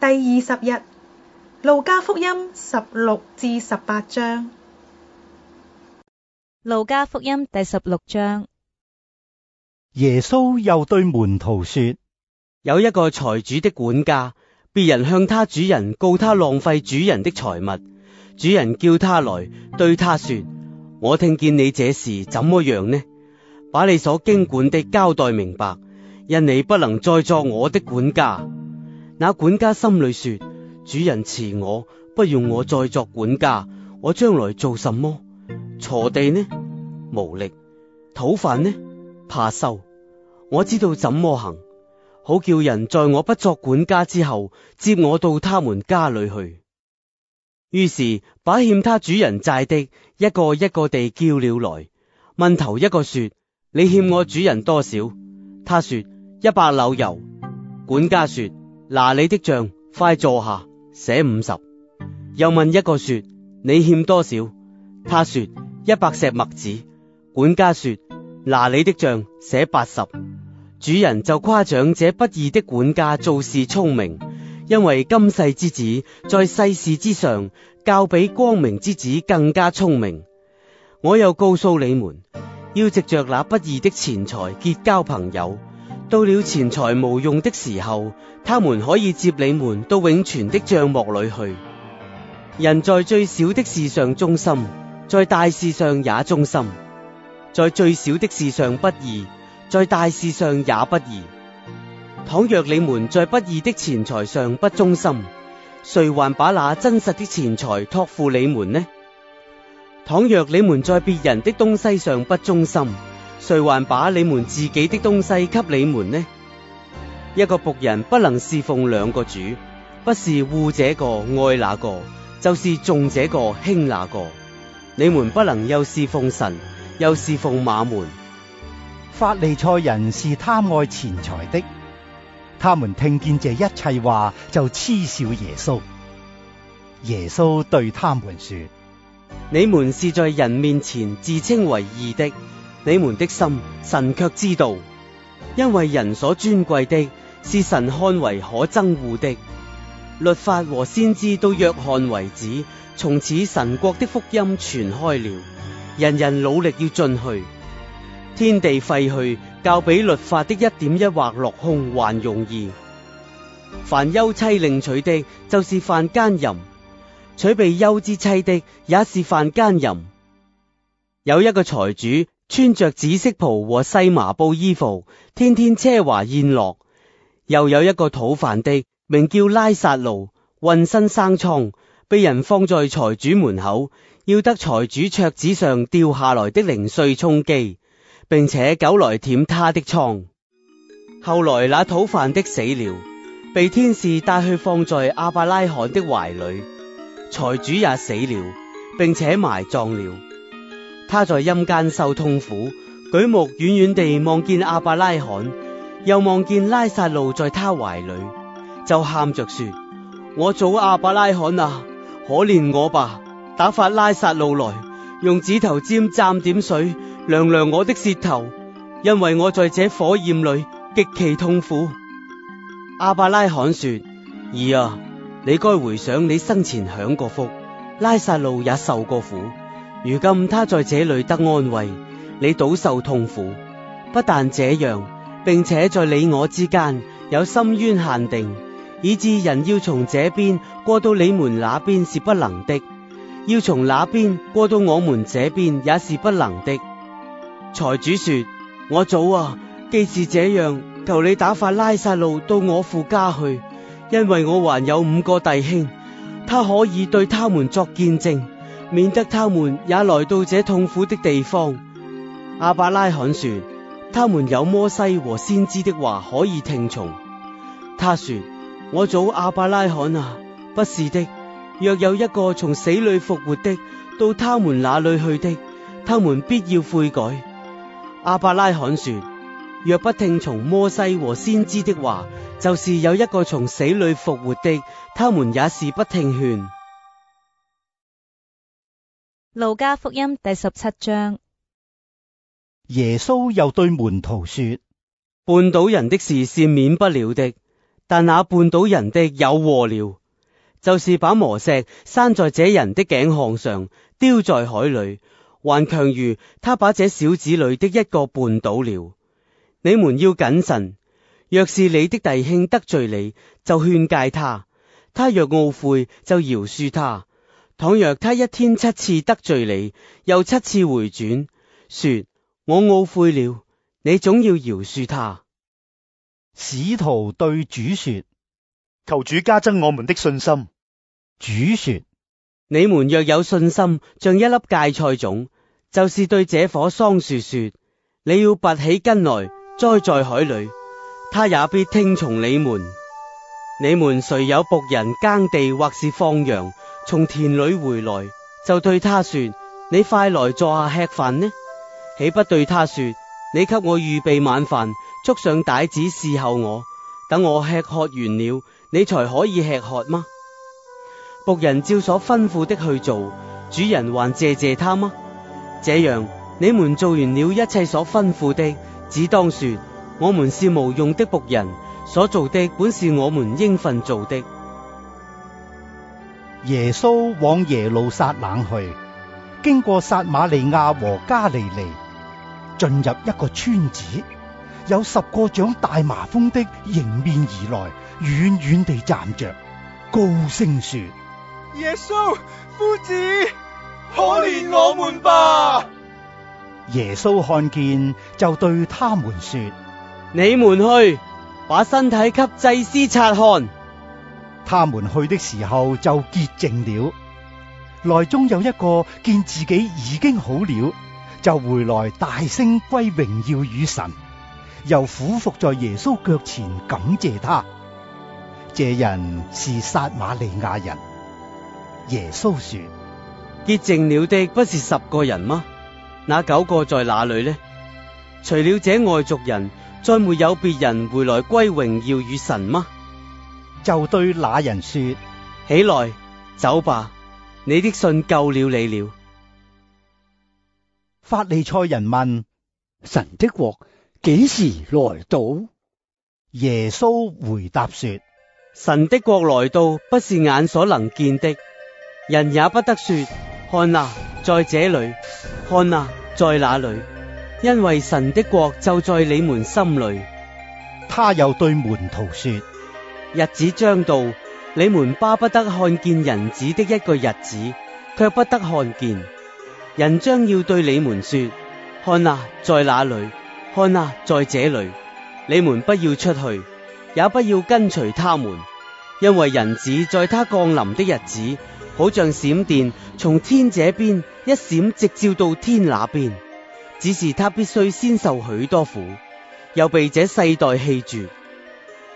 第二十日路加福音十六至十八章，路加福音第十六章，耶穌又對門徒說：有一個財主的管家，別人向他主人告他浪費主人的財物，主人叫他來對他說：我聽見你這事怎麼樣呢？把你所經管的交代明白，因你不能再作我的管家。那管家心裏說：主人辭我，不用我再作管家，我將來做什麼？鋤地呢，無力；討飯呢，怕羞。我知道怎麼行，好叫人在我不作管家之後接我到他們家裏去。於是把欠他主人債的一個一個地叫了來，問頭一個說：你欠我主人多少？他說：一百簍油。管家說。拿你的賬，快坐下寫五十。又問一個說，你欠多少，他說，一百石麥子。管家說，拿你的賬，寫八十。主人就誇獎這不義的管家做事聰明，因為今世之子在世事之上，較比光明之子更加聰明。我又告訴你們，要藉着那不義的錢財結交朋友。到了錢財無用的時候，他們可以接你們到永存的帳幕裏去。人在最小的事上忠心，在大事上也忠心；在最小的事上不義，在大事上也不義。倘若你們在不義的錢財上不忠心，誰還把那真實的錢財託付你們呢？倘若你們在別人的東西上不忠心，誰還把你們自己的東西給你們呢？一個僕人不能侍奉兩個主，不是護這個愛那個，就是重這個輕那個。你們不能又侍奉神，又侍奉馬門。法利賽人是貪愛錢財的，他們聽見這一切話就嗤笑耶穌。耶穌對他們說：你們是在人面前自稱為義的。你們的心，神卻知道，因為人所尊貴的是神看為可憎護的。律法和先知到約翰為止，從此神國的福音傳開了，人人努力要進去。天地廢去，較比律法的一點一畫落空還容易。凡休妻另娶的，就是犯奸淫；娶被休之妻的，也是犯奸淫。有一個財主。穿着紫色袍和細麻布衣服，天天奢華宴樂。又有一個討飯的，名叫拉撒路，渾身生瘡，被人放在財主門口，要得財主桌子上掉下來的零碎充飢，並且狗來舔他的瘡。後來那討飯的死了，被天使帶去放在亞伯拉罕的懷裏。財主也死了，並且埋葬了。他在陰間受痛苦，舉目遠遠地望見亞伯拉罕，又望見拉撒路在他懷裏，就喊着說：我祖亞伯拉罕啊，可憐我吧，打發拉撒路來，用指頭尖蘸點水，涼涼我的舌頭，因為我在這火焰裏極其痛苦。亞伯拉罕說：兒啊，你該回想你生前享過福，拉撒路也受過苦。如今他在這裏得安慰，你倒受痛苦。不但這樣，並且在你我之間有深淵限定，以致人要從這邊過到你們那邊是不能的，要從那邊過到我們這邊也是不能的。財主說：我祖啊，既是這樣，求你打發拉撒路到我父家去，因為我還有五個弟兄，他可以對他們作見證。免得他們也來到這痛苦的地方。亞伯拉罕說：他們有摩西和先知的話可以聽從。他說：我祖亞伯拉罕啊，不是的，若有一個從死裏復活的到他們那裏去的，他們必要悔改。亞伯拉罕說：若不聽從摩西和先知的話，就是有一個從死裏復活的，他們也是不聽勸。路加福音第十七章，耶穌又對門徒說：絆倒人的事是免不了的，但那絆倒人的有禍了，就是把磨石拴在這人的頸項上，丟在海裏，還強如他把這小子裏的一個絆倒了。你們要謹慎，若是你的弟兄得罪你，就勸戒他；他若懊悔，就饒恕他。倘若他一天七次得罪你，又七次回轉，說我懊悔了，你總要饒恕他。使徒對主說：求主加增我們的信心。主說：你們若有信心，像一粒芥菜種，就是對這棵桑樹說：你要拔起根來，栽在海裏，他也必聽從你們。你們誰有僕人耕地或是放羊？從田裏回來就對他說：你快來坐下吃飯呢？豈不對他說：你給我預備晚飯，束上帶子伺候我，等我吃喝完了，你才可以吃喝嗎？僕人照所吩咐的去做，主人還謝謝他嗎？這樣你們做完了一切所吩咐的，只當說：我們是無用的僕人，所做的本是我們應份做的。耶穌往耶路撒冷去，經過撒瑪利亞和加利利，進入一個村子，有十個長大麻風的迎面而來，遠遠地站着，高聲說：耶穌，夫子，可憐我們吧！耶穌看見，就對他們說：你們去，把身體給祭司察看。他們去的時候就潔淨了，內中有一個見自己已經好了，就回來大聲歸榮耀與神，又俯伏在耶穌腳前感謝他。這人是撒瑪利亞人。耶穌說：潔淨了的不是十個人嗎？那九個在哪裏呢？除了這外族人，再沒有別人回來歸榮耀與神嗎？就對那人說：起來，走吧，你的信救了你了。法利賽人問神的國幾時來到？耶穌回答說：神的國來到，不是眼所能見的，人也不得說看啊在這裏，看啊在那裏，因為神的國就在你們心裏。他又對門徒說。日子將到，你們巴不得看見人子的一個日子，卻不得看見。人將要對你們說：看啊，在那裏；看啊，在這裏。你們不要出去，也不要跟隨他們，因為人子在他降臨的日子，好像閃電從天這邊一閃，直照到天那邊。只是他必須先受許多苦，又被這世代棄絕。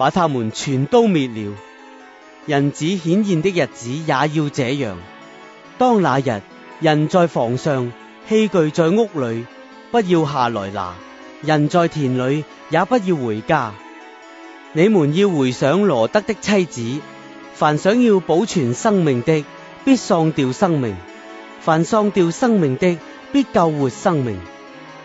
把他們全都滅了。人子顯現的日子也要這樣。當那日，人在房上，器具在屋裏，不要下來拿；人在田裏，也不要回家。你們要回想羅得的妻子。凡想要保存生命的，必喪掉生命；凡喪掉生命的，必救活生命。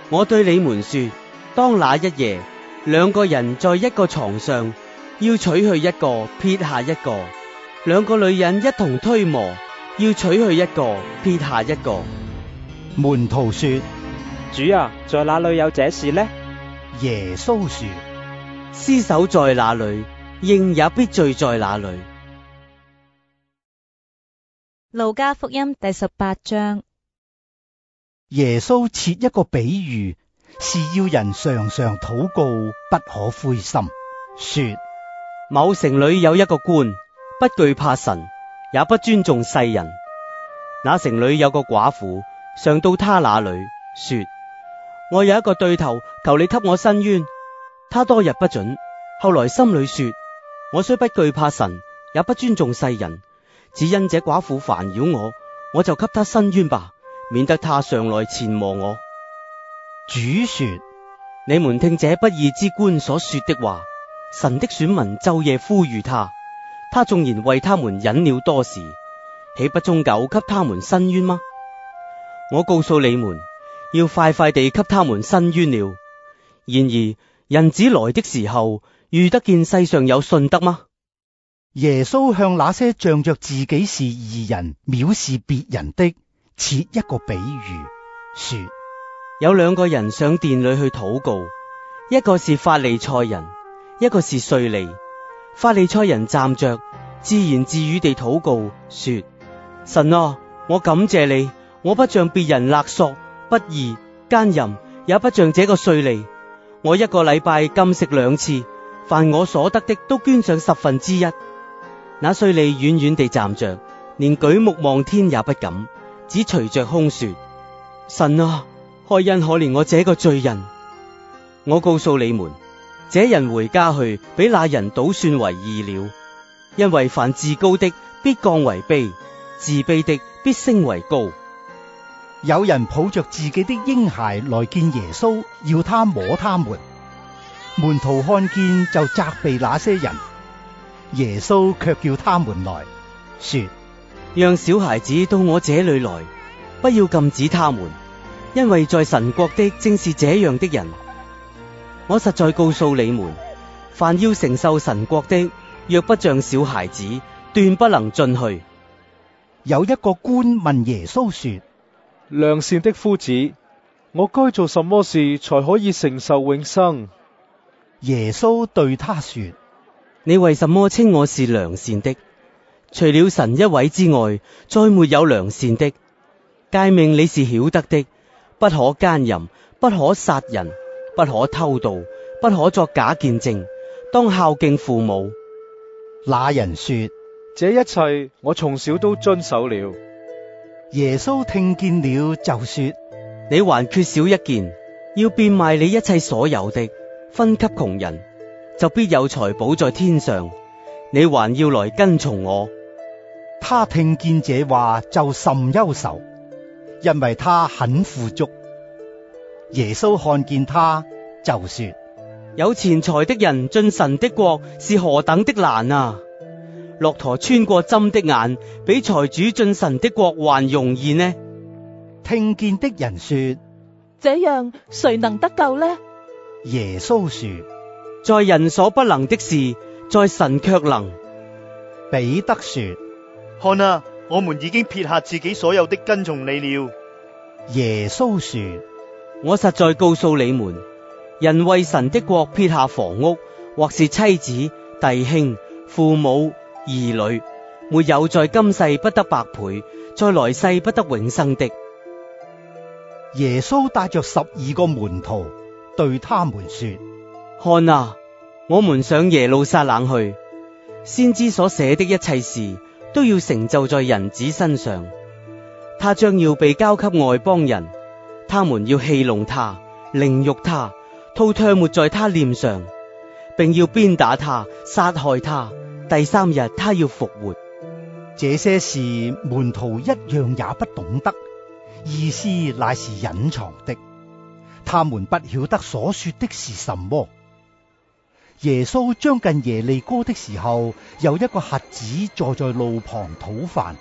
我對你們說：當那一夜，兩個人在一個床上。要取去一個，撇下一個；兩個女人一同推磨，要取去一個，撇下一個。門徒說：主啊，在哪裏有這事呢？耶穌說：屍首在哪裏，應也必聚在哪裏。路加福音第十八章。耶穌設一個比喻，是要人常常禱告，不可灰心。說。某城裏有一個官，不懼怕神，也不尊重世人。那城裏有個寡婦，上到他那裏說：我有一個對頭，求你給我申冤。他多日不准，後來心裏說：我雖不懼怕神，也不尊重世人，只因這寡婦煩擾我，我就給他申冤吧，免得他常來纏磨我。主說：你們聽這不義之官所說的話。神的選民晝夜呼籲他，他縱然為他們忍了多時，豈不終久給他們伸冤嗎？我告訴你們，要快快地給他們伸冤了。然而人子來的時候，遇得見世上有信德嗎？耶穌向那些仗着自己是義人藐視別人的，設一個比喻，說：有兩個人上殿裏去禱告，一個是法利賽人。一個是稅吏。法利賽人站着自言自語地禱告說：神啊，我感謝你，我不像別人勒索、不義、奸淫，也不像這個稅吏。我一個禮拜禁食兩次，凡我所得的都捐上十分之一。那稅吏遠遠地站着，連舉目望天也不敢，只隨着空說：神啊，開恩可憐我這個罪人。我告訴你們。這人回家去，比那人倒算為義了，因為凡自高的必降為卑，自卑的必升為高。有人抱着自己的嬰孩來見耶穌，要他摸他們。門徒看見，就責備那些人。耶穌卻叫他們來說：讓小孩子到我這裏來，不要禁止他們，因為在神國的正是這樣的人。我實在告訴你們，凡要承受神國的，若不像小孩子，斷不能進去。有一個官問耶穌說：良善的夫子，我該做什麼事才可以承受永生？耶穌對他說：你為什麼稱我是良善的？除了神一位之外，再沒有良善的。誡命你是曉得的，不可姦淫，不可殺人。不可偷盜，不可作假見證，當孝敬父母。那人說：這一切我從小都遵守了。耶穌聽見了，就說：你還缺少一件，要變賣你一切所有的，分給窮人，就必有財寶在天上。你還要來跟從我。他聽見這話，就甚憂愁，愁，因為他很富足。耶穌看見他就說：有錢財的人進神的國是何等的難啊！駱駝穿過針的眼，比財主進神的國還容易呢。聽見的人說：這樣誰能得救呢？耶穌說：在人所不能的事，在神卻能。彼得說：看啊，我們已經撇下自己所有的跟從你了。耶穌說：我實在告訴你們，人為神的國撇下房屋，或是妻子、弟兄、父母、兒女，沒有在今世不得百倍，在來世不得永生的。耶穌帶着十二個門徒對他們說：看啊，我們上耶路撒冷去，先知所寫的一切事都要成就在人子身上，他將要被交給外邦人。他們要戲弄他、凌辱他、吐唾沫在他臉上，並要鞭打他、殺害他。第三日，他要復活。這些事門徒一樣也不懂得，意思乃是隱藏的。他們不曉得所說的是什麼。耶穌將近耶利哥的時候，有一個瞎子坐在路旁討飯。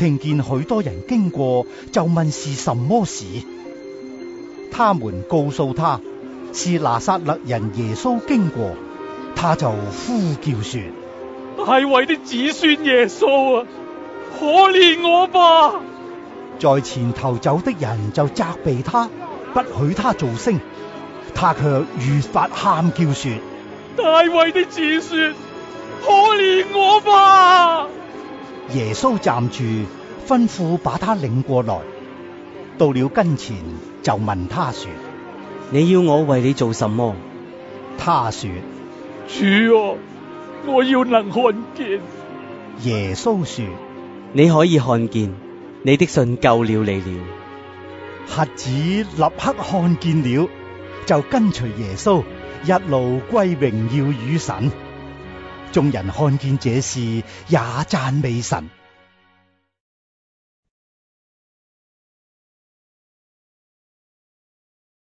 聽見許多人經過，就問是什麼事。他們告訴他是拿撒勒人耶穌經過，他就呼叫說：大衛的子孫耶穌啊，可憐我吧！在前頭走的人就責備他，不許他做聲。他卻越發喊叫說：大衛的子孫，可憐我吧！耶穌站住，吩咐把他領過來。到了跟前，就問他說：你要我為你做什麼？他說：主啊，我要能看見。耶穌說：你可以看見，你的信救了你了。瞎子立刻看見了，就跟隨耶穌一路歸榮耀與神。眾人看見這事，也讚美神。